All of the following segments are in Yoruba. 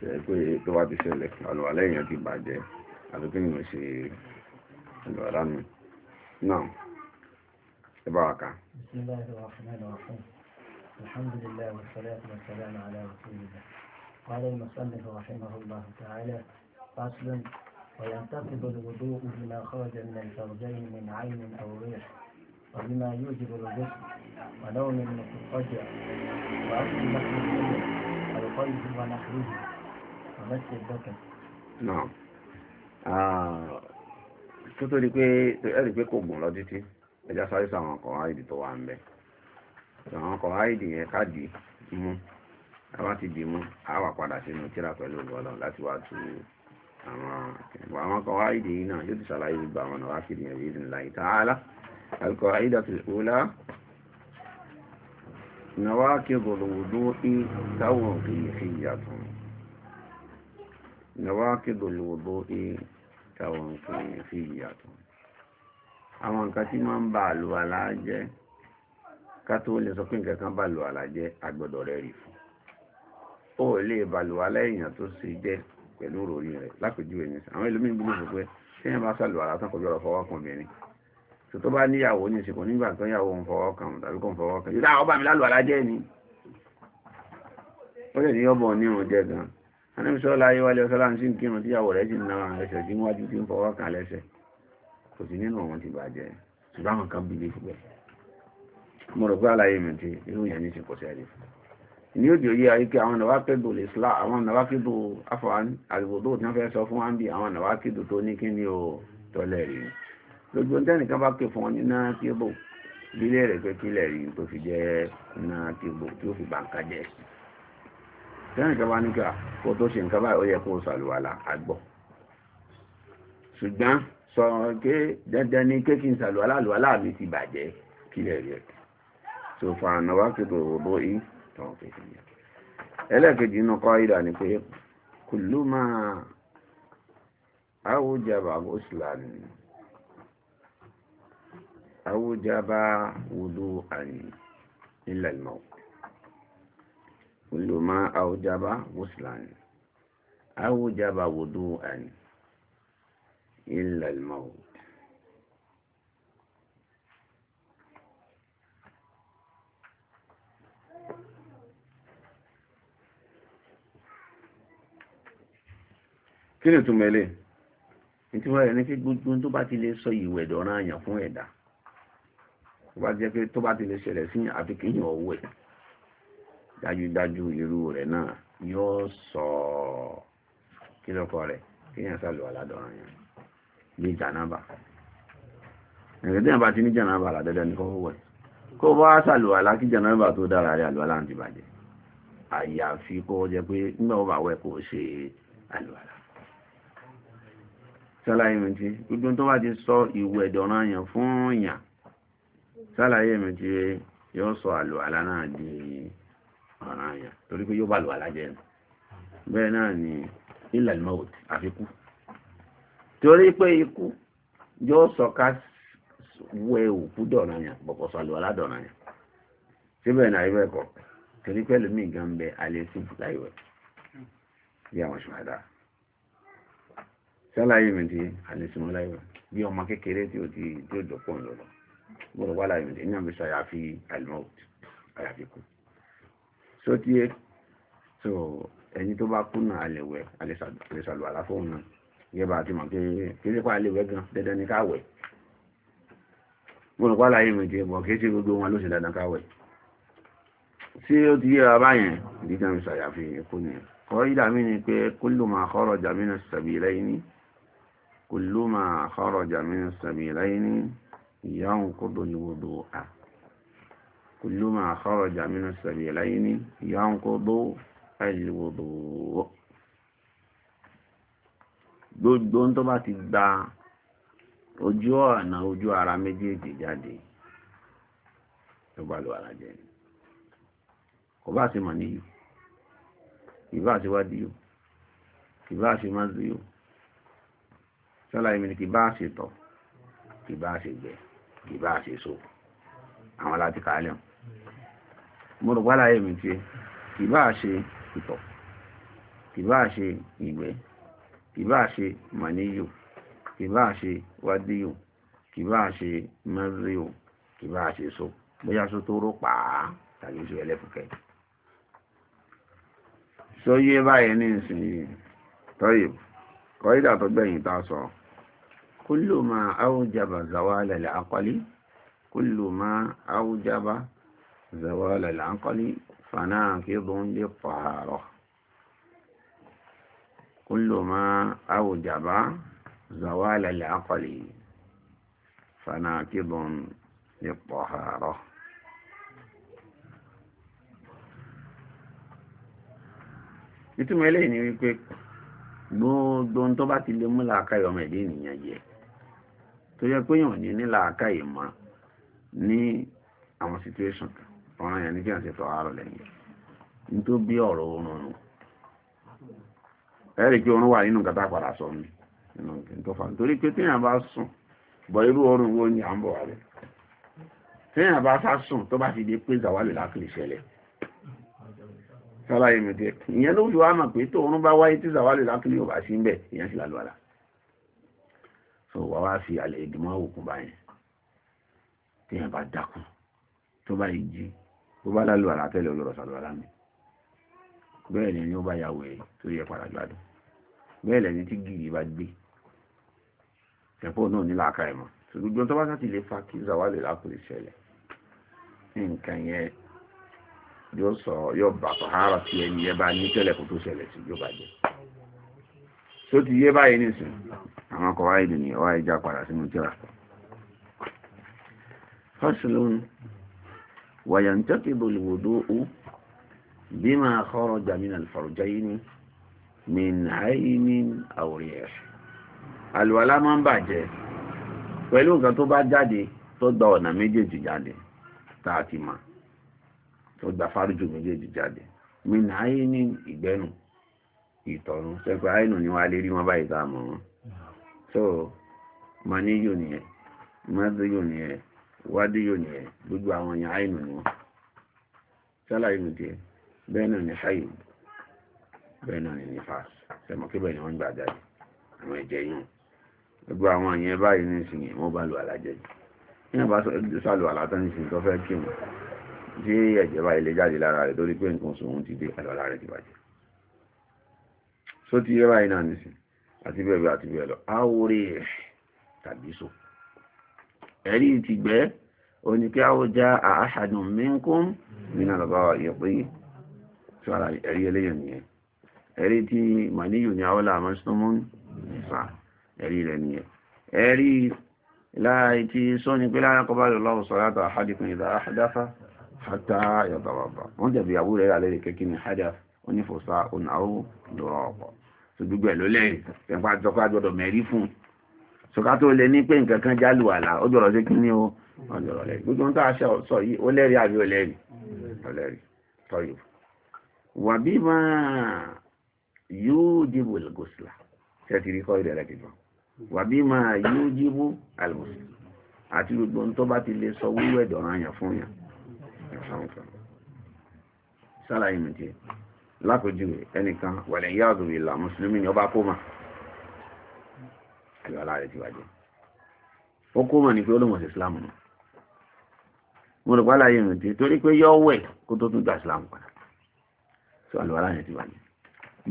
pé tó bá ti الحمد لله والصلاة والسلام على رسول الله قال المصنف رحمه الله تعالى فصل وينتقض الوضوء بما خرج من الفرجين من عين أو ريح وبما يوجب الغسل ونوم المتفجر وأكل لحم القلب ونحوه tó ah, tó di pé ẹ̀rì pé kò gùn lọ títí ẹjá sáré sáwọn ọkọ̀ áìdì tó wà ń bẹ àwọn ọkọ̀ áìdì yẹn káàdì mú àwọn ti dì mú àwà padà sínú tíra pẹ̀lú ọlọ́ láti wá tu àwọn ọkọ̀ áìdì yìí náà yóò ti ṣàlàyé gbogbo àwọn ọ̀nà wákìlì yẹn bíi ìdìnnà ìtaálá alkọ̀ áìdà tó ìkúlá نواكض الوضوء توقيفية nàwákìdò lòdó ẹ táwọn nǹkan yẹn fi yàtọ̀ àwọn nǹkan tí máa ń bà lò aláàjẹ́ ká tó lè sọ pé nǹkan kan bà lò aláàjẹ́ agbọ́dọ̀ rẹ̀ rí fún ó lè bà lò aláìyàn tó ṣe jẹ́ pẹ̀lú ròrí rẹ̀ lápèjúwe ní àwọn ẹlòmíín bí lóṣù pé tí wọ́n bá sàlù àlá tán kọjú ọ̀rọ̀ fọwọ́ kan obìnrin tó bá níyàwó ní ìsìnkú nígbà tó yàwó ń fọwọ́ kan tàbí kò ń fọwọ́ kan yóò dá ọba mi lálù alájẹ́ ni ó lè ní ọbọ̀ ní òun jẹ́ gan-an anẹ́bísọ́lá ayé wálé ọ̀sọ́lá ń sí ń kírun tíyàwó rẹ̀ sì ń náwà ẹsẹ̀ tí níwájú tí ń fọwọ́ kan lẹ́sẹ̀ kò sí nínú wọn ti bàjẹ́ ṣùgbọ́n àwọn kan bíbí fúgbẹ́ mo rò pé àlàyé mi ti irú yẹn ní ṣe kò sẹ́ẹ̀lì ní òdì òye ayé pé àwọn nàwákìdò lè sílá àwọn nàwákìdò afọ̀n àgbòdò tí wọ́n fẹ́ sọ fún wọn bí àwọn nàwákìdò tó ní kíni o tọ́lẹ̀ rí lójú ohun tẹ́nìkan bá pè fún ọ ní náà tí bílẹ̀ rẹ̀ pé kílẹ̀ rí tó fi jẹ́ náà tí ó fi bàǹkà jẹ́ tẹ́rìn kan bá ní ká kó tó ṣe nǹkan báyìí ó yẹ kó ṣàlùwàlà àgbọ̀ ṣùgbọ́n sọ pé dandan ni pé kí n ṣàlùwàlà àlùwàlà mi ti bàjẹ́ kílẹ̀ rẹ̀ tó fa àna wá kí tòrò tọ́wọ́ pé kí yẹn ẹlẹ́ẹ̀kejì inú kọ́ ìdà ni pé kùlú máa àwùjábà gúúsùlánì àwùjábà wùdú àní ilẹ̀ ìmọ̀ọ́ kullu ma àwùjábá wùsùlán àwùjábá wùdú àní illa al kí ni túnmọ̀ ilé nítorí wọ́n rẹ̀ ní kí gbogbo tó bá ti lè sọ ìwẹ̀ dọ̀rọ̀ àyàn fún ẹ̀dá tó bá jẹ́ pé tó bá ti lè ṣẹlẹ̀ sí àfikún owó ẹ̀dá dájúdájú irú rẹ̀ náà yóò sọ kí lọ́kọ rẹ̀ kí yẹn sálò aládọ́ràn yẹn bí jànábà ẹ̀rẹ́ tí yẹn bá ti ní jànábà aládọ́dọ́ ní kọ́kọ́ wẹ̀ kó bá sálò alá kí jànábà tó dára rẹ̀ àlùwàlá ń ti bàjẹ́ àyàfi kó jẹ pé nígbà wọ́n bá wẹ̀ kó ṣe àlùwàlá sálàyé mi ti gbogbo tó bá ti sọ ìwẹ̀ dọ̀ràn yẹn fún yàn sálàyé mi ti yóò sọ àlùwàlá náà di ọ̀ràn àyà torí pé yóò bá lù alájẹ́ ẹnu bẹ́ẹ̀ náà ni ilẹ̀ mọ́ọ̀t àfikú torí pé ikú yóò sọ̀ka wẹ òkú dọ̀nà yẹn bọ̀kọ̀ sọ̀lù aládọ̀nà yẹn síbẹ̀ náà ibẹ̀ kọ̀ torí pé lómi gan bẹ alẹ́ síbù láìwẹ̀ bí àwọn ṣùgbọ́n sálàyé mi ti alẹ́ síbù láìwẹ̀ bí ọmọ kékeré tí ó ti tí ó dọ̀pọ̀ ńlọ lọ gbọ́dọ̀ wà láìwẹ̀ ní àmì sọ àyàfi àlùmọ́ọ̀t àyàfi kú só tí ẹ so ẹni tó bá kùnà àlẹ̀wẹ̀ àlẹ̀sàlù àlàfóun náà gẹ́gẹ́ bá ti mọ̀ pé kéré pa àlẹ̀wẹ̀ gan dandan ní káwẹ̀ mo rò pàlà yìí mìíràn bọ̀ kí ṣe gbogbo wọn ló ṣe dandan káwẹ̀ tí ó ti yẹra báyẹn ìdíjà mi ṣàyàfi kú ni kọ́ ìdá mi ni pé kullu ma kharaja min as-sabilayni kullu ma kharaja min as-sabilayni yanqudu al-wudu'a كل ما خرج من السبيلين ينقض الوضوء gbogbo tó bá ti gba ojú ọ̀nà ojú ara méjèèjì jáde tó bá lo ara jẹ́ kò bá ti mọ̀ níyù ìbá ti wá díyù ìbá ti má díyù sọ́la ìmìnì kì bá ṣe tọ̀ kì bá ṣe gbẹ kì bá ṣe so àwọn láti kàálẹ̀ hàn mo rò pálá èmi tiẹ̀ kì bá ṣe ìtọ̀ kì bá ṣe ìgbẹ́ kì bá ṣe màníyò kì bá ṣe wádìyò kì bá ṣe mẹ́rìíò kì bá ṣe so bóyá so tó rò pàá tàbí oṣù ẹlẹ́fùkẹ́ so yé báyìí ní ìsinyìí tọ́yì kọ́ídà tó gbẹ̀yìn tá a sọ kúlù máa áwùjábà zawálẹ̀ àkọlí kúlù máa áwùjábà زوال العقل فناقض للطهارة كل ما أوجب زوال العقل فناقض للطهارة ìtumọ̀ eléyìí ni wípé gbogbo tó bá ti lè mú làákàyè ọmọ ẹ̀dẹ́ ènìyàn jẹ tó yẹ pé yàn ní ní làákàyè mọ́ ní àwọn situation kan ọ̀ràn yẹn ní kí wọ́n ṣe tọ́ àárọ̀ lẹ́yìn nítorí bí ọ̀rọ̀ oorun nù ẹ̀rí pé oorun wà nínú nǹkan tá a padà sọ mi nínú nǹkan tó fà nítorí pé téèyàn bá sùn bọ̀ irú oorun wo ni à ń bọ̀ wálé téèyàn bá sá sùn tó bá ti di pé zàwálù lákìlì ṣẹlẹ̀ sálàyé mi tiẹ̀ ìyẹn ló fi wá mọ̀ pé tóorun bá wáyé tí zàwálù lákìlì ò bá sí ń bẹ̀ ìyẹn sì lálùwàlà so wà wá fi àlẹ́ ìgbìmọ̀ òkun báyẹn téèyàn bá dákun tó bá yìí jí bó bá lálù àlá tẹ́lẹ̀ olóró sàlù àlá mi bẹ́ẹ̀ ni ẹni ó bá ya wèrè tó yẹ padà gbádùn bẹ́ẹ̀ lẹ́ni tí gìrì bá gbé ẹ̀pọ̀ náà ní làákà ẹ̀mọ̀ ṣùgbọ́n tó bá sáti lè fa kí zawale lákùnrin ṣẹlẹ̀ nǹkan yẹn yóò sọ yóò bà pàhárà tí ẹni yẹn bá ní tẹ́lẹ̀ kó tó ṣẹlẹ̀ sí yóò bàjẹ́ tó ti yé báyìí nìsín àwọn ọkọ̀ wáyé nìyẹn wáyé já padà sínú tíra fásilóhun وينتقض الوضوء بما خرج من الفرجين من عين أو ريح الولا من باجه pẹ̀lú nǹkan tó bá jáde tó gba ọ̀nà méjèèjì jáde tààtì ma tó gba fárújù méjèèjì jáde min àyíní ìgbẹ́nu ìtọ̀run sẹ́pẹ̀ àyínú ni wọ́n á lè rí wọn báyìí tá a mọ̀ wọn so maniyo nìyẹn mọ́tò yóò nìyẹn wádìí nìyẹn gbogbo àwọn èèyàn àìnù ni wọn sálàyé mi díẹ̀ bẹ́ẹ̀ náà ni ṣáyé bẹ́ẹ̀ náà ni nífàs sẹ́mọ̀ kí bẹ́ẹ̀ ni wọ́n gbà jáde àwọn ẹ̀jẹ̀ yìí gbogbo àwọn èèyàn báyìí ní ìsìn yìí wọ́n bá lu àlájẹ́ jù yíyan bá sàlù àlátọ́ ní ìsìn tó fẹ́ kí wọn tí ẹ̀jẹ̀ báyìí lè jáde lára rẹ̀ torí pé nǹkan oṣù òun ti dé àlọ́lá rẹ̀ ti bàjẹ́ só ti yẹ báyìí náà nìsìn àti bẹ́ẹ̀ bẹ́ẹ̀ àti bẹ́ẹ̀ lọ ẹ̀rí ti gbẹ́ òní kí a ó já àáṣàdùn mínkún nínú àlọ́bá ìpín sára ẹ̀rí eléyàn nìyẹn ẹ̀rí tí màníyù ní àwọ́lá àmọ́sọ́mọ́n nìfà ẹ̀rí rẹ̀ nìyẹn ẹ̀rí láì tí sọ ni pé lára kọba lọ́wọ́ sọ látà àhádìkùn ìdá àhádáfà hátà yọ̀tàbàbà wọ́n jẹ̀bi àwú rẹ̀ alẹ́ kẹ́kí ṣùkà tó lè ní pé nǹkan kan jálù àlà ó jọ̀rọ̀ sí kí ní o ọ̀jọ̀rọ̀ lẹ́rìí gbogbo ohun tó aṣọ sọ yìí ó lẹ́rìí àbí ó lẹ́rìí ọlẹ́rìí tọ́yọ̀ wà bí máa yóò dìbò gòsìlà ṣe ti rí kọ́ ìrẹ̀ rẹ̀ kìjọ wà bí máa yóò dìbò àlùmọ̀sí àti gbogbo tó bá ti lè sọ wíwẹ̀ dọ̀rọ̀ àyàn fún yàn sálàyé mi ti lápèjúwe ẹnìkan wàlẹ̀ yáàdùn ìlà mùsùlùmí ni ọba kó máa àlùwàlá rẹ̀ ti wájẹ́ ó kó mọ̀ ní pé olóhùn ìsìlámù nù mo rò pálá yẹn ti torí pé yọ wẹ̀ kó tó tún gba padà ti wájẹ́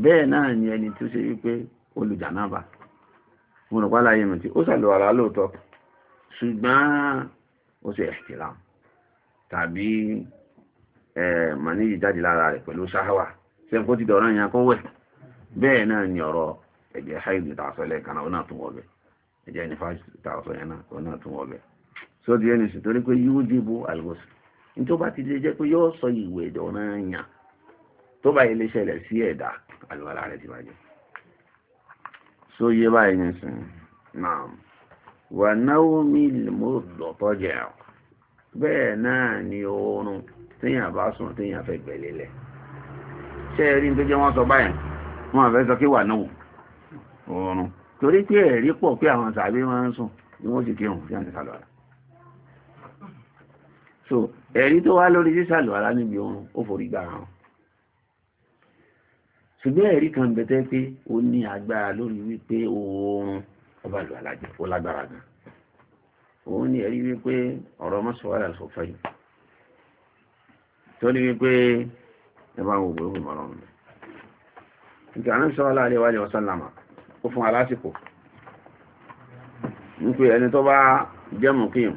bẹ́ẹ̀ náà ni ẹni tó ṣe wípé olùjànàbà mo rò ó lóòótọ́ ṣùgbọ́n ó ṣe tàbí jáde lára rẹ̀ pẹ̀lú ṣe kó ti dọ̀rọ̀ yẹn kó wẹ̀ bẹ́ẹ̀ náà ni ọ̀rọ̀ ẹ̀jẹ̀ haidu tààsọ lẹ́ẹ̀kan náà ó náà tún wọ̀ bẹ̀ ẹ̀jẹ̀ nífàsì tààsọ yẹn náà ó náà tún wọ̀ bẹ̀ so di ẹni sì torí pé yóò dìbò algosu ní tó bá ti lè jẹ́ pé yóò sọ ìwé ẹ̀dọ̀ náà yàn tó bá yẹ lè ṣẹlẹ̀ sí ẹ̀dá àlùwàlá rẹ̀ ti bàjẹ́ so yé báyìí nìsín náà wà náwó mi mú dọ̀tọ́ jẹ́ bẹ́ẹ̀ náà ni oorun téèyàn bá sùn téèyàn fẹ́ gbẹ̀lélẹ̀ ṣé ẹ rí ní tó jẹ́ wọ́n sọ báyìí wọ́n fẹ́ sọ kí wà náà oorun torí pé ẹ̀rí pọ̀ pé àwọn sàbí máa ń sùn ni wọ́n sì kírun sí àti sàlùwàlà so ẹ̀rí tó wá lórí sí sàlùwàlà níbi oorun ó forí gbà hàn ṣùgbọ́n ẹ̀rí kan bẹ̀tẹ́ pé ó ní agbára lórí wípé oorun ọba lù alájọ ó lágbára gan òun ní ẹ̀rí wípé ọ̀rọ̀ mọ́sọ̀wárà sọ fẹ́yìn tó ní wípé ẹ bá ń wo gbogbo ìmọ̀ràn mi. Ìkànnì sọ́ọ́lá àríwá ni wọ́n sálámà ó fún alásìkò wípé ẹni tó bá jẹ́mù kíyàn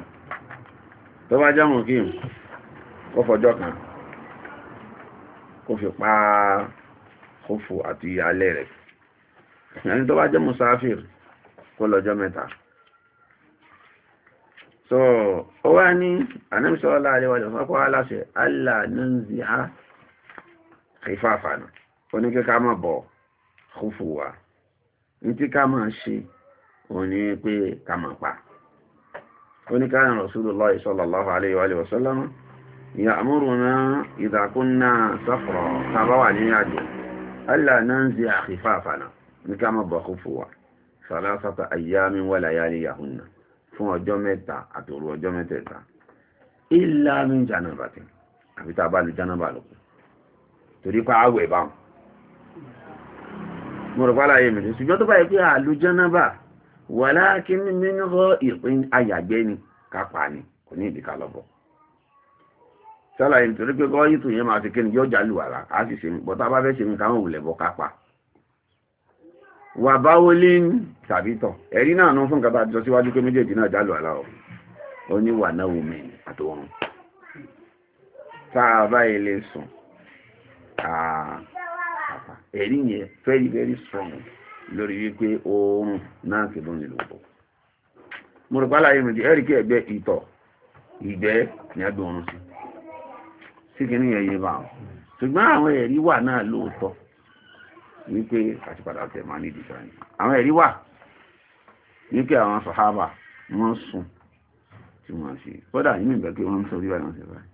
tó bá jẹ́mù kíyàn ó fọjọ́ kan kó fi pa kófò àti alẹ́ rẹ̀ ẹni tó bá jẹ́mù sáfìr kó lọ́jọ́ mẹ́ta so ó wá ní ànámsọ́lá àríwájọ́ sọ́kọ́ aláṣẹ aláàánúzíhá kìfáfà náà oníkẹ́ká mọ̀ bọ̀ kófò wa ntí ká máa ṣe òun ni pé ká máa pa oníkàrà Rasulullah sallallahu alayhi wa sallam ya'muruna idha kunna safra tàbá wà ní àjò alla nanzi'a khifafana ní ká máa bọ̀ kó fò wá salasata ayyamin wa layaliyahunna fún ọjọ́ mẹ́ta àtòrò ọjọ́ mọ̀rọ̀ pàlà ayé mẹ́rin ṣùgbọ́n tó báyìí pé àlùjánábà wà láàkí ní mínúrọ̀ ìpín ayàgbẹ́ ni kápá ni kò ní ìdíkà lọ́bọ̀ sálàyé nítorí pé kọ́ yìí tó yẹn máa ti kí ni yóò jálù wàrà á sì ṣe bọ́ tá a bá fẹ́ ṣe nǹkan òun lẹ̀bọ̀ kápá wà báwo lé ní tàbí tọ̀ ẹ̀rí náà nú fún kàtà àtijọ́ síwájú pé méjèèjì náà jálù wàrà ó ní wà náà omi àtòrun tá a bá ilé sùn ẹ̀rí yẹn very very strong lórí wípé oorun náà kì lónìí ló pọ̀ mo rò pálá yìí mo di ẹ̀rí kí ẹgbẹ́ ìtọ̀ ìgbẹ́ ní ẹgbẹ́ oorun sí sí kí ní ẹ̀yẹ bá wọn ṣùgbọ́n àwọn ẹ̀rí wà náà lóòótọ́ wípé àtìpadà tẹ̀ máa ní ìdíjáyìn àwọn ẹ̀rí wà wípé àwọn sọ̀hábà wọ́n sùn tí wọ́n ṣe kódà nínú ìgbà pé wọ́n sọ orí báyìí wọ́n ṣe báyìí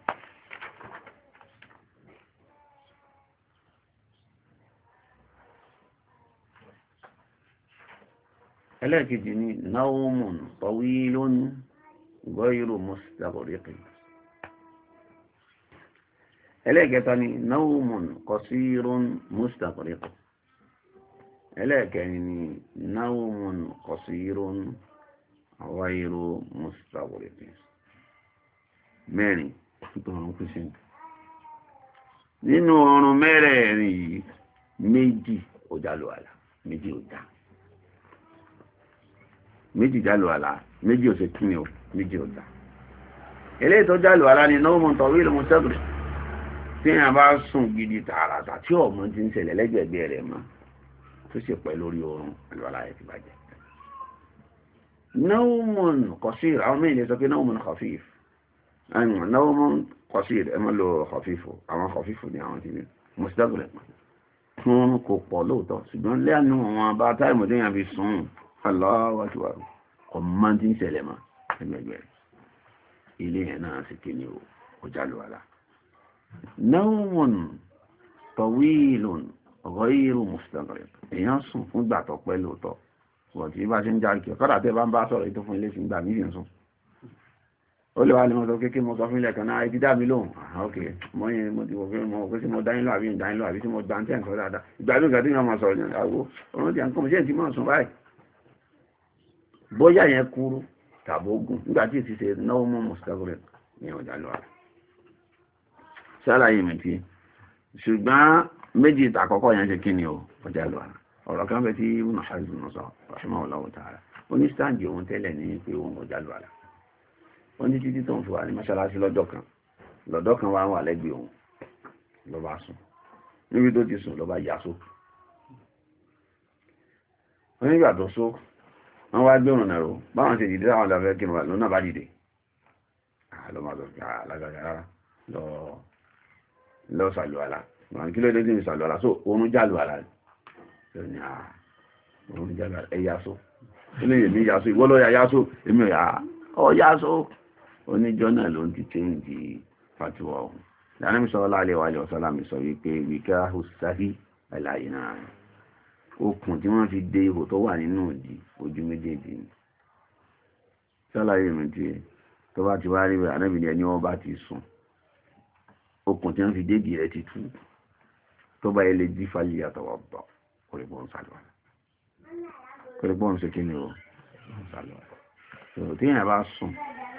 ẹlẹ́ẹ̀kejì ni naumun tawilun ghayru mustagriqin ẹlẹ́ẹ̀kẹta ni naumun qasirun mustagriqin ẹlẹ́ẹ̀kẹrin ni naumun qasirun ghayru mustagriqin mẹ́rin tó ń kú sí nínú ọrùn mẹ́rẹ̀ẹ̀rin yìí méjì ò méjì ò méjì jálù àlá méjì ò ṣe kí ni o méjì ò dá eléyìí tó jálù àlá ni náà mọ̀ tọ̀wé ìlú mọ̀tẹ́bìrì tí èèyàn bá sùn gidi tààràtà tí ọ̀mọ ti ń ṣẹlẹ̀ lẹ́gbẹ̀ẹ́gbẹ́ rẹ̀ mọ́ tó ṣe pẹ́ lórí oorun àlọ́ àlá yẹn ti bàjẹ́ نوم قصير او مين يسمى نوم خفيف ايوه نوم قصير اما لو خفيف اما خفيف دي àwọn tí مستغرق wọn kò pọ̀ lóòótọ́ ṣùgbọ́n lẹ́nu àwọn abá táìmù déyàn fi sùn aláwàtíwàrù ọmọ tí ń ṣẹlẹ̀ ma ẹgbẹ̀gbẹ̀ ilé ẹ̀ náà sì kí ni ó jálù wà láà náwọn tọ̀wílùn ọ̀gọ́rù mùsùlùmí èèyàn sùn fún gbà tọ̀ pẹ́ lóòótọ́ wọ̀n tí bá ṣe ń járí kí ọ̀kọ́dà tẹ́ bá ń bá sọ̀rọ̀ ètò fún ilé sí gbà mí sì ń sùn ó lè wá lè mọ́ sọ kéèké mọ́ sọ fún ilẹ̀ kan náà ibi ah, dá mọ́ ah, yẹn mo ti wọ̀ pé mo sí mo dáyín lọ àbí ìdáyín lọ àbí sí mo gbà ń tẹ̀ ń sọ dáadáa ìgbà lóògbà tí wọ́n máa sọ̀rọ̀ yẹn àwọ̀ ọ̀rọ̀ tí à ń kọ́ mi ṣé ti máa sùn bóyá yẹn kúrú tàbógún nígbàtí ti ṣe náwó mú mustaqbal ní ọjà lọ́wọ́ ṣàlàyé mi tí ṣùgbọ́n méjì tàkọ́kọ́ yẹn ṣe kí ni o ọjà lọ́wọ́ ọ̀rọ̀ kan bẹ tí ibùn àṣàjù náà sọ rahimahullahu ta'ala oníṣáàjì òun tẹ́lẹ̀ ní pé òun ọjà lọ́wọ́ ó ní títí tó ń fi wà ní mọ́ṣáláṣí lọ́jọ́ kan lọ́dọ́ kan wá wà lẹ́gbẹ̀ẹ́ òun ló bá sùn níbi tó ti sùn ló bá yà só onígbà tó só wọ́n wá gbẹ̀rùn náà rò báwọn ti dìde àwọn ìdàfẹ́ kí wọ́n náà bá dìde ah, lọ sàlùwàlà ah, kí ló dé ní sàlùwàlà so oorun jàlùwàlà ah, oorun jàlùwàlà ẹ yasó ilé èmi yasó ìwọ lọ ya yasó èmi ya ọ yasó oníjọ náà ló ń ti chẹ́ǹdì fatiwa ọ̀hún ìdánámi sọ́lá àlewà àlewà sọ́lá mi sọ wípé wíkà hùsáhì àlàyé náà okùn tí wọ́n fi dé ihò tó wà nínú ìdí ojú méjèèjì ni sálàyé mi ti tó bá ti wá rí rẹ̀ ànábì ni ẹni wọ́n bá ti sùn okùn tí wọ́n fi dédìí rẹ̀ ti tú tó bá ilé jí fàyè àtọwọ́ bọ̀ kórìgbọ́n sálùwàlà kórìgbọ́n ṣe kí ni o sálùwàlà tòrò tí èèyàn bá sùn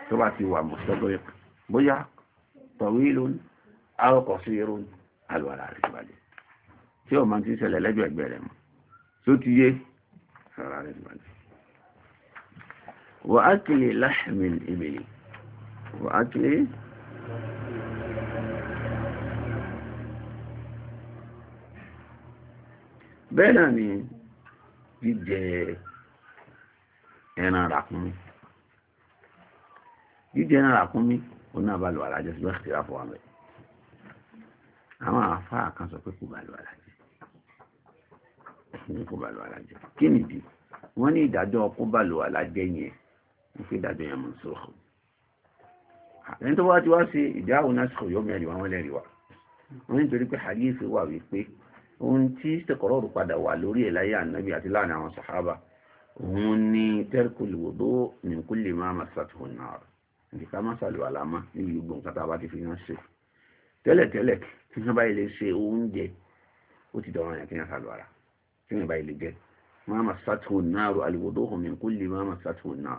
tó bá ti wà mọ̀sọ́gbẹ́ bóyá tọ̀wí lónìí àrọ́kọ̀ sí irun àlùwàlà rẹ̀ balẹ̀ tí ó máa ti ṣẹlẹ̀ lẹ́jọ́ ẹgbẹ́ rẹ̀ mọ́ tó ti yé ara rẹ̀ balẹ̀. وأكل لحم الإبل وأكل bẹ́ẹ̀ náà ni jíjẹ ẹran ràkúnmí jíjẹ ẹran ràkúnmí òun náà bá lọ àlàjẹ́ sí wẹ́ẹ̀kì ráfọ́ àmẹ́ àwọn àfáà kan sọ pé kò bá lọ àlàjẹ́ kò bá lọ àlàjẹ́ kí nìdí wọ́n ní ìdájọ́ ọkùn bá lọ àlàjẹ́ yẹn wípé ìdájọ́ yẹn mọ̀ sọ́ọ̀kù ẹni tó wá ti wá sí ìdáhù násìkò yóò mẹ́rin wọn lẹ́rìí wa wọ́n nítorí pé hadisi wà wípé ohun tí sẹ̀kọ̀rọ̀ rù padà wà lórí ẹ̀ láyé ànábì àti láàrin àwọn sàhábà òun ni tẹ́rkùlù wòdó min kulli máa máa sàtìkò náà nìkan ká má sàlù àlámá níbi gbogbo nǹkan tá a bá ti fi hàn ṣe tẹ́lẹ̀tẹ́lẹ̀ tí wọ́n bá ilé ṣe oúnjẹ ó ti dọ̀rọ̀ yẹn kí wọ́n sàlù àrà tí wọ́n bá ilé jẹ máa máa sàtìkò náà aliwòdó min kulli máa máa sàtìkò náà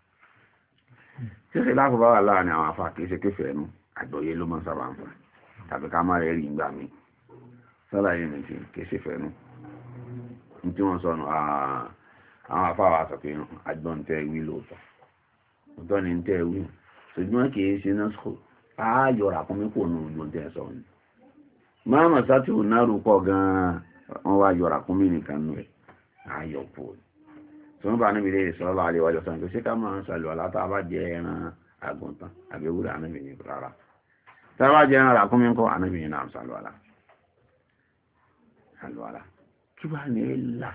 ṣíṣe láfọ̀bá wà láàrin àwọn afá kìí ṣe kéfẹ̀ ẹnu àgbọ̀yé ló mọ́ sábà ń fà tàbí ká má rẹ̀ rí ìgbà mi sọ́láyé mi ti kìí ṣe fẹ̀ẹ́nu tí wọ́n sọnù àwọn afá wa sọ pé àgbọ̀n tẹ́ wí lóòótọ́ òótọ́ ni tẹ́ wí ṣùgbọ́n kìí ṣe náà sọ á yọra kún mi kò nù gbọ̀n tẹ́ sọ ni máàmù sátìwò náà rúkọ gan-an wọ́n wá yọra kún mi nìkan nù ẹ̀ á yọ pọ̀ ni tí wọ́n bá níbi ilé ìsọ́lọ́ àlewà jọ sọ pé ṣé ká máa ń ṣàlùwà látà bá jẹ ẹran àgùntàn àbí ewúrẹ́ ànábì ní rárá tá a ẹran ràkúnmí ńkọ́ ànábì ní náà ṣàlùwàlà ṣàlùwàlà kí wàá ní ẹ là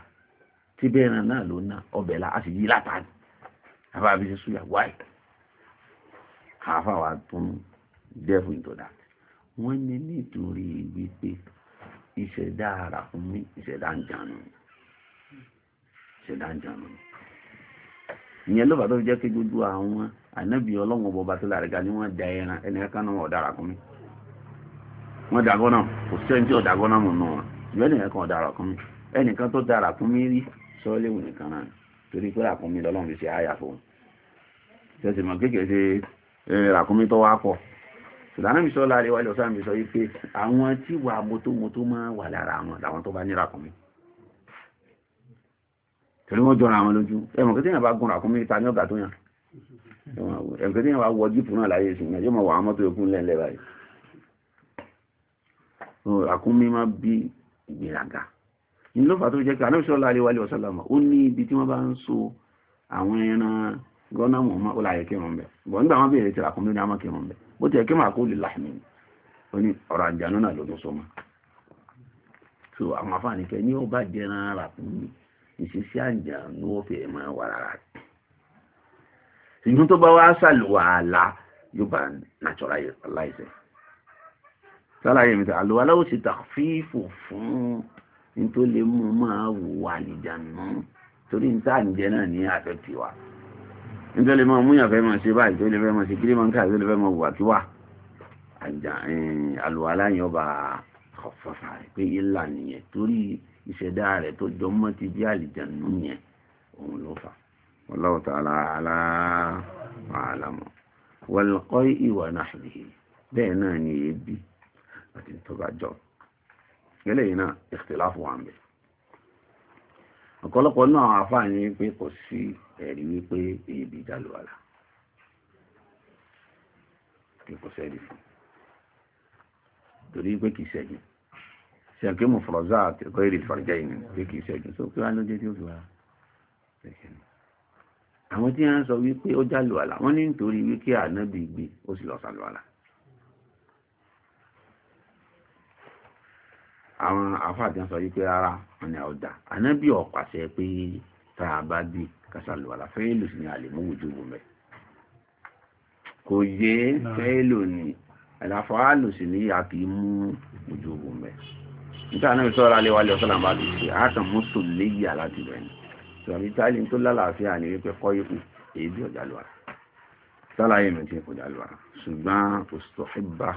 tí bẹ́ẹ̀ ẹran náà ló ná ọbẹ̀ la a sì yí látàdì àbá àbí ṣe súyà wáì àáfà tún dẹ́fù ìtọ́dà wọ́n ní nítorí wípé ìṣẹ̀dá ràkúnmí ìṣẹ̀dá ń jànú ṣẹ̀dá ń jànú ìyẹn ló bá tó jẹ́ pé gbogbo àwọn ànábì ọlọ́wọ́n bọba tó lárẹ́gà ni wọ́n da ẹran ẹni ẹ̀ka náà ọ̀dà ràkúnmí wọ́n dàgọ́ náà kò sí ẹni tí ọ̀dàgọ́ náà mọ̀ nù wọn ìyẹn ẹni ẹ̀ka ọ̀dà ràkúnmí ẹnìkan tó da ràkúnmí rí sọ́ọ́lẹ́wù nìkan náà torí pé ràkúnmí lọ́lọ́run fi ṣe àyà fún un tẹ̀sí mọ̀ kékeré mi sọ láàrin wáyé ọ̀sán mi sọ yìí pé àwọn tí wà mọ́tò mọ́tò máa wà lára àwọn làwọn tó bá ní ràkúnmí torí wọ́n jọra àwọn lójú ẹmọ̀ kí tíyàn bá gùn rà fún mi ta ní ọ̀gá tó yàn ẹmọ̀ kí tíyàn bá wọ jíìpù náà láyé ìsìn náà yóò mọ̀ wà á mọ́tò ikú ńlẹ̀ ńlẹ̀ báyìí àkúnmí máa bí ìgbéraga ní ló fà tó jẹ́ pé anábìsọ́lá alẹ́ wálé ọ̀sálàmà ó ní ibi tí wọ́n bá ń so ọ̀rọ̀ àjànú náà ló tún so mọ́ so àwọn afáàní kẹ ní ó bá jẹran rà kúnmí ìṣesí àjà ní wọ́n fẹ́ẹ́ máa wà rárá ṣùgbọ́n tó bá wá ṣàlùwà àlá yóò bá naturalize sálàyé mi àlùwà aláwọ̀ ṣe tàfífò fún ní tó lè mú máa wà nìjànú torí ní táà níjẹ náà ní àfẹ́ tiwa ní tó lè máa mú yàn fẹ́ máa ṣe báyìí tó lè fẹ́ máa ṣe kiri máa ń káyọ̀ tó lè fẹ́ máa wà kíwà eh, àlùwà aláyọ̀ bá ọ̀fọ̀fà pé ìlànà yẹn torí ìṣẹ̀dá rẹ̀ tó jọ mọ́ ti bí àlìjànú yẹn òun ló fà wallahu ta'ala a'lam walqay'i wa nahrihi bẹ́ẹ̀ náà ni èébì àti tó bá jọ gẹ́lẹ́ yìí náà ìkhtilafu wà ń bẹ̀ ọ̀pọ̀lọpọ̀ náà àfáàní pé kò sí ẹ̀rí wípé èébì jálù wàlà kí kò sẹ́rí fún torí pé kì í sẹ́yìn tẹ̀kí mú fọ̀rọ̀zá àtẹ̀kọ́ èrè fàrjẹ́ ìní pé kìí ṣẹ́jú tó kí wá ló dé tí ó fi wá àwọn tí wọ́n sọ wípé ó já lùwàlà wọ́n ní nítorí wípé ànábì gbé ó sì lọ sàlùwàlà àwọn àfáà tí wọ́n sọ wípé ara wọn ni ọ̀dà ànábì ó pàṣẹ pé tá a bá gbé kásàlùwàlà fẹ́ẹ́ lù sí ni àlè mú wùjú bù mẹ́ kò yé fẹ́ẹ́ lò ní àlàfáà lù ni a kì í mú wùjú bù mẹ́ níta náà sọ́ra lé wálé ọ̀sán làbá ti ṣe àtàn mùsùlùmí yà láti rẹ̀ ni sọ̀rọ̀ táyì tó lálàáfíà ní wípé kọ́ ikú èyí bí ọ̀jà lùwà sálàyé mi ti kọjá lùwà ṣùgbọ́n òṣùṣọ́fẹ́bà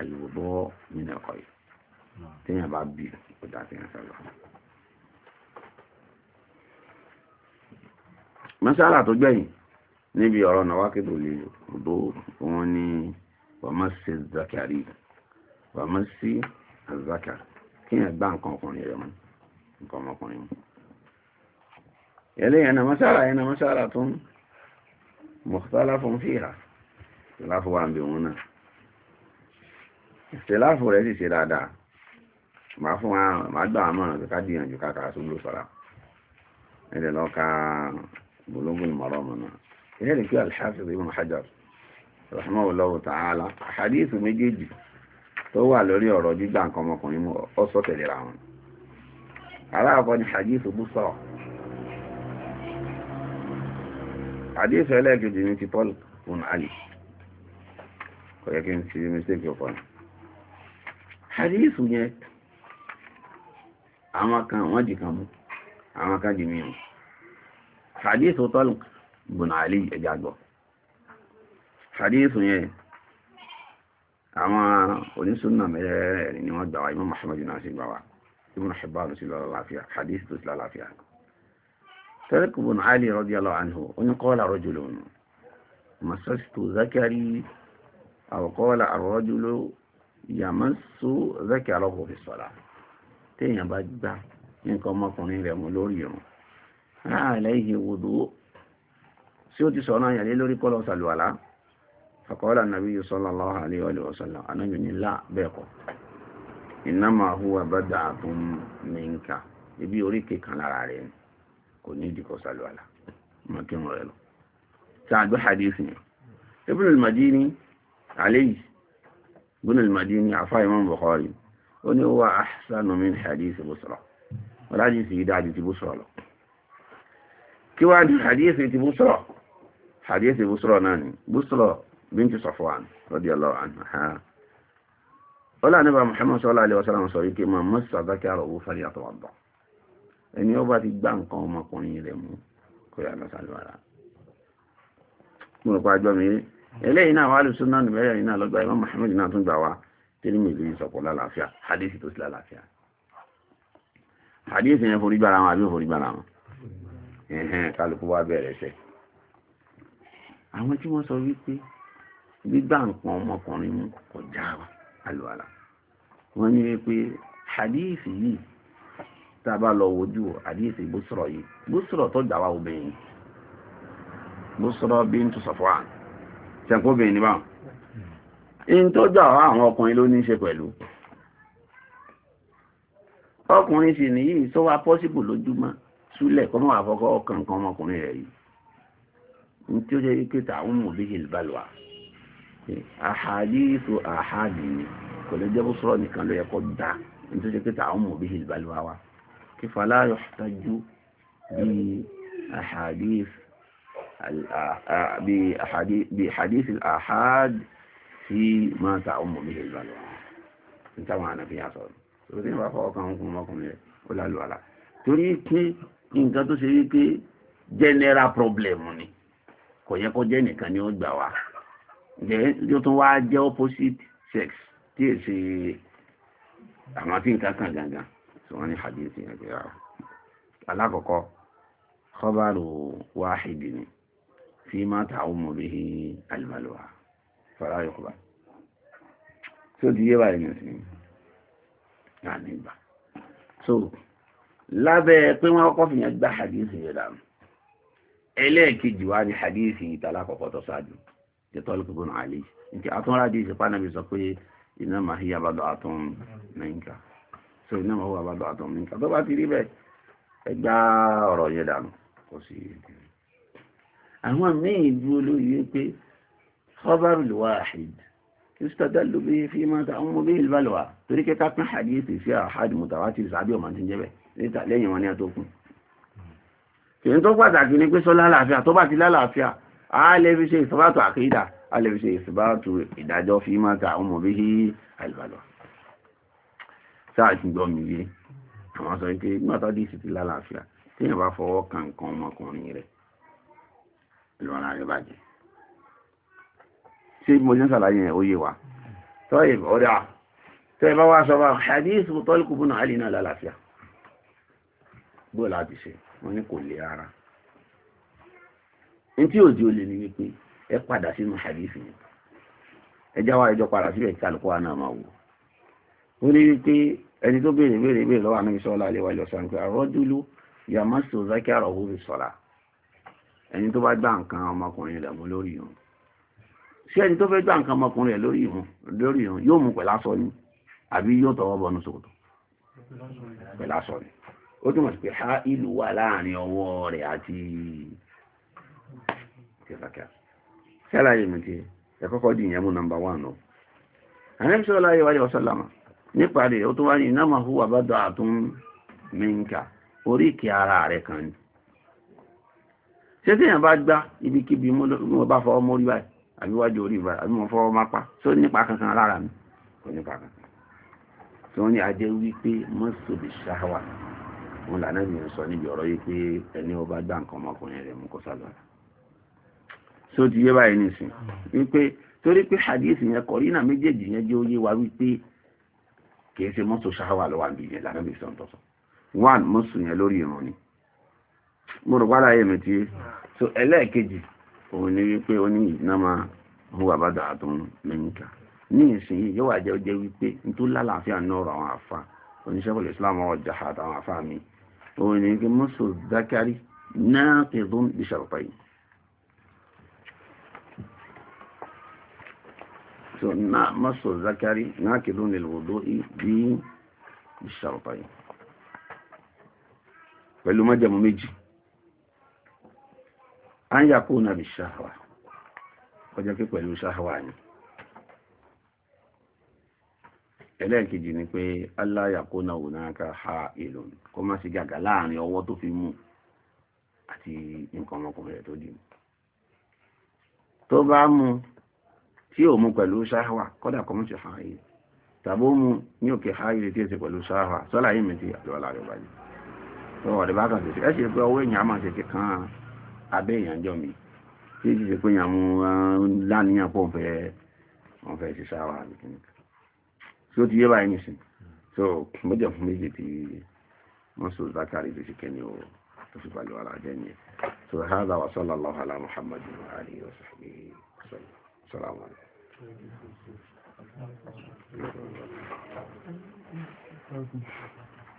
àyùbọ̀ nínú ẹ̀kọ́ yìí téèyàn bá bì kọjá téèyàn sálà. mọ́sálà tó gbẹ̀yìn níbi ọ̀rọ̀ náà wákìtò lè odò wọn ni wàmọ́sí zakari wàmọ́sí zakari kí yẹn gbá nǹkan ọkùnrin rẹ̀ mọ́ nǹkan ọmọkùnrin mọ́ eléyìí ẹ̀nà mọ́sára ẹ̀nà mọ́sára tó ń mọ̀tálá fún fìhà ìláfò wà ń bí òun náà ìṣẹ̀láfò rẹ̀ sì ṣe dáadáa màá fún wa màá gbà wọn mọ̀ràn kíkà gbìyànjú kàkà tó ló sọ̀rọ̀ ẹ̀dẹ̀ lọ ka gbólógún mọ̀rọ̀ ọmọ náà ìrẹ́lẹ̀ kí alhafiz ibn hajar rahimahullahu ta'ala hadith méjèèjì tó wà lórí ọ̀rọ̀ gbígbà nǹkan ọmọkùnrin mú ọ sọ tẹ̀lera wọn ni hadith búsọ̀ hadith ẹlẹ́ẹ̀kejì ní ti paul ali kò yẹ kí n ti mistake ọkọ̀ ni hadith yẹn àwọn kan wọ́n di kan mú àwọn kan di mìíràn hadith paul bun ali àwọn onísùnà mẹ́rẹ̀ẹ̀rin ni wọ́n gbà wá imam muhammad náà sì gbà wá ibùn ṣùgbọ́n sí lọ́la láfíà hadith tó sí lọ́la láfíà tariq ibn ali radiyallahu anhu oní qala rajulun masastu zakari aw qala ar-rajulu yamassu zakarahu fi salah téèyàn bá gbá nǹkan ọmọkùnrin rẹ̀ mú lórí irun láàlẹ́ ìhìwòdó sí ó ti sọ̀rọ̀ àyàlé lórí kọ́lọ̀ sàlùwàlá fàkọ́ọ́lá nàbí sallallahu alaihi wa sallam anábì ní là bẹ́ẹ̀ kọ́ innama huwa bad'atun minka ibi oríkè kan lára rẹ̀ ni kò ní ìdíkọ̀ sálúwàlá mọ́kínú rẹ̀ lọ sáàgbé hadith yẹn Ibn al-Madini alayhi Ibn al-Madini afá Imam Bukhari ó ní huwa ahsanu min hadith Busra ọlájì sì yí dájú ti Busra lọ kí wá di hadith ti Busra hadith Busra náà ni Busra bíntì Safwan radiyallahu anha ọlá nípa Muhammad sallallahu alaihi wasallam sọ wípé ma mọ́sà dákẹ́rọ̀ owó fàrí àtọwàdọ̀ ẹni ó bá ti gbá nǹkan ọmọkùnrin rẹ̀ mú kó yà lọ sàlùwàrà mo rò pa àjọ mi eléyìí náà wà lù sún náà nìbẹ̀rẹ̀ yìí náà lọ́gbà Imam Muhammad náà tún gbà wá tẹ́lẹ̀ mi ìlú ìsọ̀pọ̀ lálàáfíà hadith tó sì lálàáfíà hadith yẹn forí wọn àbí forí wọn ẹ̀hẹ́n kálukú wá bẹ̀rẹ̀ ṣe gbígbà nǹkan ọmọkùnrin mú kọjá àlùwàlà wọ́n ní wípé hadith yìí tá a bá lọ wojú hadith bùsùrọ̀ yìí bùsùrọ̀ tó gbà wá obìnrin bùsùrọ̀ bintu Safwan tẹ̀kọ́bìnrin níbà in tó gbà wá àwọn ọkùnrin ló ní í ṣe pẹ̀lú ọkùnrin sì nìyí tó wá pọ́sibù lójúmọ́ súlẹ̀ kọ́mọ́ àfọkọ́ ọkàn kan ọmọkùnrin rẹ̀ yìí ní tí ó jẹ́ ike tààwọn mòbí yìí bá lọ́wọ́ àhàdíìsù àhàdì ni kò lè jẹ́ búsọ́rọ̀ nìkan ló yẹ kó dá nítorí pé tàà mọ̀ bí ìbálùwà wa kí fàlàyọ̀ tajú bí àhàdíìsù بحديث الآحاد فيما تعم به البلوى انت معنا في عصر sọ́dún bá fọ́ ọkàn ọkùnrin ọkùnrin olálùwàlá torí pé nǹkan tó ṣe wípé general problem ni kò yẹ kó jẹ́ jẹ́ yóò tún wá jẹ́ opposite sex tí è ṣe àwọn tí nǹkan kan gangan tí wọ́n ní hadith yẹn pé ara ah. alákọ̀ọ́kọ́ khabaru wáhìdì ni fi máa ta àwọn ọmọbìnrin alìmọ̀lùwà fara yọkọ̀bá tí ó ti yé báyìí nìsín náà nígbà so lábẹ́ pé wọ́n kọ́kọ́ fi yẹn gba hadith yẹn dànù ẹlẹ́ẹ̀kejì wá ní hadith yìí tàlákọ̀ọ́kọ́ tó ṣáájú يطالق بن علي انت اعطون رادي سبحانه بيسقي انما هي بضعة منك سو انما هو بضعة منك طبعا تريبه ẹgbá ọ̀rọ̀ yẹn dànù kò sí àwọn míì dúró lórí wípé khabarul wahid istadallu bihi fi ma ta'ammu bihi al-balwa torí kẹ́kà pín hadithi sí àhàdì mutawatir sàbí ọmọ tí ń jẹ́bẹ̀ níta lẹ́yìn wọn ni a tó kún kìí pàtàkì ni pé sọ lálàáfíà tó bá ti lálàáfíà a lè fi ṣe ìsọ́bàtò àkídà a lè fi ṣe ìsọ́bàtò ìdájọ́ fi máa ta àwọn ọmọbí hí àìbàlọ̀ sáà ti gbọ́ mi yé àwọn sọ pé nígbà tó dì sí ti lálàáfíà tẹ́ bá wá sọ bá tọ́lùkù bùnà àlì náà lálàáfíà gbọ́ láti ṣe wọ́n ní kò lè ara ní tí òdi olè ní wípé ẹ padà sínú hadith yẹn ẹ jáwá ẹjọ padà síbẹ̀ kí alùpùpù wa náà máa wò ó ní wípé ẹni tó béèrè béèrè béèrè lọ́wọ́ àmì sọ́lá àlewà ilẹ̀ ọ̀sán pé àrọ́júlú yàmá sọ zákàrà owó fi sọ̀rà ẹni tó bá gbà nǹkan ọmọkùnrin rẹ̀ mú lórí yòó ṣé ẹni tó fẹ́ gbà nǹkan ọmọkùnrin rẹ̀ lórí yòó lórí yòó yóò mú pẹ̀lú aṣọ ni àbí yóò tọwọ́ bọnu sòkòtò pẹ̀lú aṣọ ni ó túmọ̀ sí pé ha ìlú wà láàrin ọwọ́ rẹ̀ àti ìfàkà ṣàlàyé mi ti ẹ̀kọ́kọ́ dì ìyẹn mú nọmbà wà nù àníbi wáyé ọ̀sọ́lámà nípa rẹ̀ ó tún wáyé iná máa ara rẹ̀ kan ni ṣé bá gbá ibikíbi mú bá fọwọ́ mórí báyìí àbí orí pa nípa kankan lára mi kò nípa kankan tó ní ajẹ́ wípé mọ́sọ̀bì mi sọ níbi ọ̀rọ̀ yìí pé ẹni ọba gbá nǹkan so ti yé báyìí nìsín wípé torí pé hadith yẹn kọ rínà méjèèjì yẹn jẹ́ oyé wa wípé kìí ṣe mọ́tò ṣáwà lọ́wọ́ àbí yẹn lànà bí sọ́n tọ́sọ́ one mọ́tò yẹn lórí irun ni mo rò pàdà yẹn mi ti so ẹlẹ́ẹ̀kejì òun ni wípé ó ní ìná máa mú bàbá dàá tó ń lẹ́yìn ká ní ìsìn yìí yóò wà jẹ́ jẹ́ wípé nítorí lálàáfíà náà ọ̀rọ̀ àwọn àfa oníṣẹ́kọ̀ọ́ Islam ọjà àtàwọn àfa mi òun ni wípé mọ́tò dákárí náà kìí tó ń bí ṣàrùpá yìí مس الذكر ناكد للوضوء بالشرطين pẹ̀lú májẹ̀mú méjì a ń yàkó náà bí ṣáhàwà ọjọ́ pé pẹ̀lú ṣáhàwà ni ẹlẹ́ẹ̀kejì ni pé aláyàkó náà wò náà ká ha èlò kó má sí gàgà láàrin ọwọ́ tó fi mú àti nǹkan ọmọkùnrin rẹ̀ tó dì mú tó bá mú tí ò mú pẹ̀lú ṣáhàwà kọ́dà kọ́ mú ti hàn yìí tàbí ó mú ní òkè háyìí tí ó ti pẹ̀lú ṣáhàwà sọ́là yìí mi ti àlọ́ àlọ́ àlọ́ báyìí ọwọ́ rẹ̀ bá kàn ṣe ẹ ṣe pé ọwọ́ èèyàn á máa ṣe ti kan abẹ́ èèyàn jọ mi tí kì í ṣe pé èèyàn mú uh, láníyàn السلام عليكم